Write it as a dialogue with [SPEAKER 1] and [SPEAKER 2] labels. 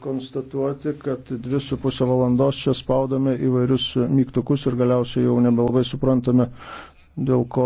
[SPEAKER 1] konstatuoti, kad dvi su pusę valandos čia spaudome įvairius mygtukus ir galiausiai jau nebelabai suprantame, dėl ko.